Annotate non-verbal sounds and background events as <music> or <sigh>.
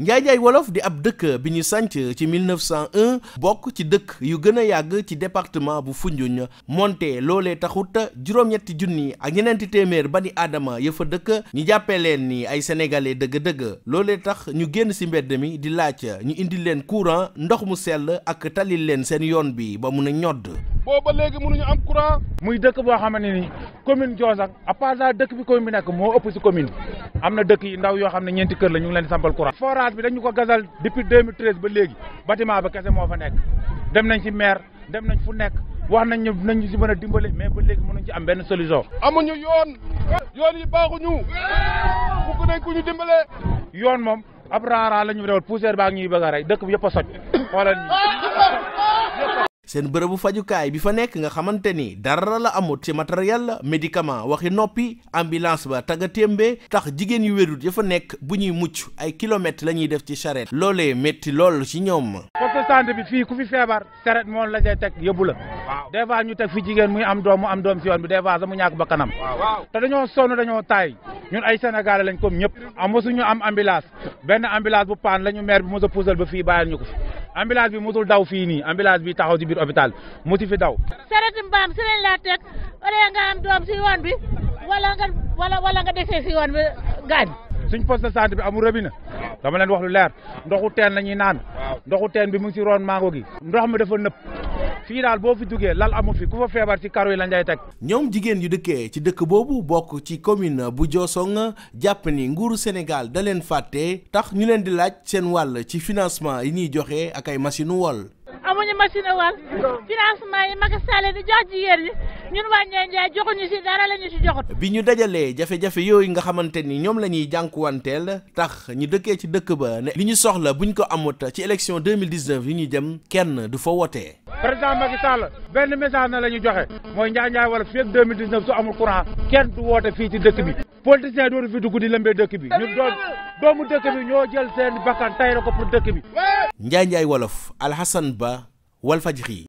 Njaay Njaay Wolof di ab dëkk bi ñu sanc ci 1901 bokk ci dëkk yu gën a yàgg ci département bu Foundiougne moonte loolee taxut juróom-ñetti junni ak ñeneenti téeméer ba ni aadama ya fa dëkk ñu jàppee leen ni ay sénégalais dëgg-dëgg loolee tax ñu génn ci mbedd mi di laaj ñu indi leen courant ndox mu sell ak tali leen seen yoon bi ba mun a ñodd booba léegi mënuñu am courant. muy dëkk boo xamante ni commune Diossakh à part dëkk bi commune bi nekk moo ëpp si commune am na dëkk yi ndaw yoo xam ne ñeenti kër la ñu ngi leen di sampal courant. forage bi dañu ko gasal depuis 2013 ba léegi bâtiment ba kese moo fa nekk dem nañ si maire dem nañ fu nekk wax nañ ñu nañ ñu si mën a dimbale mais ba léegi mënuñ ci am benn solution. amuñu yoon. yoon yi baaxuñu. bugg nañ ku ñu dimbale. yoon moom ab raara la ñu dewal poussière baa ngi ñuy rey dëkk yëpp a soj xoolal ñi <laughs> seen bërëbu fajukaay bi fa nekk nga xamante ni dara la amut ci matériel la médicament waxi noppi ambulance ba taga témbe tax jigéen yu wérut ya fa nekk bu ñuy mucc ay kilomètres la ñuy def ci charrette loolee métti lool ci ñoom. ma santé bi fii ku fi feebar charrette moom la see teg yóbbu la. waaw ñu teg fi jigéen muy am doom mu am doom si yoon bi des fois sax mu ñàkk ba kanam. waaw te dañoo sonn dañoo taay ñun ay Sénégalais lañ comme ñëpp amosu ñu am ambulance benn ambulance bu paan la ñu maire bi mos ba fii ko ambulance bi mosul daw fii nii ambulance bi taxaw ci biir hôpital mu ci fi daw. sareti mbaam si lañ laa teg wala nga am doom si bi wala nga wala wala nga desee si bi gaañ. suñ poste de santé bi amul robinet dama leen wax lu leer ndoxu teen la ñuy naan ndoxu teen bi mu ngi si roon mango gi ndox mi dafa nëpp. fii daal boo fi duggee lal amu fi ku fa feebar ci karo yi lañ lay teg. ñoom jigéen yu dëkkee ci dëkk boobu bokk ci commune bu Diosone jàpp ni nguuru Sénégal da leen fàtte tax ñu leen di laaj seen wàll ci financement yi ñuy joxe ak ay machine wol. amuñu machine wol financement yi Macky Sall di joxut. bi ñu dajalee jafe-jafe yooyu nga xamante ni ñoom la ñuy jànkuwanteel tax ñu dëkkee ci dëkk ba ne li ñu soxla bu ñu ko amut ci élection 2019 yi ñu jëm kenn du fa wotee président Macky Sall benn message na la ñu joxe mooy Njaay Njaay wala fii ak 2019 su amul courant kenn du woote fii ci dëkk bi politicien dootu fi dugg di lëmbee dëkk bi ñu doon doomu dëkk bi ñoo jël seen bakkan tey ko pour dëkk bi Njaay Njaay wolof Alhassane Ba Walfadjri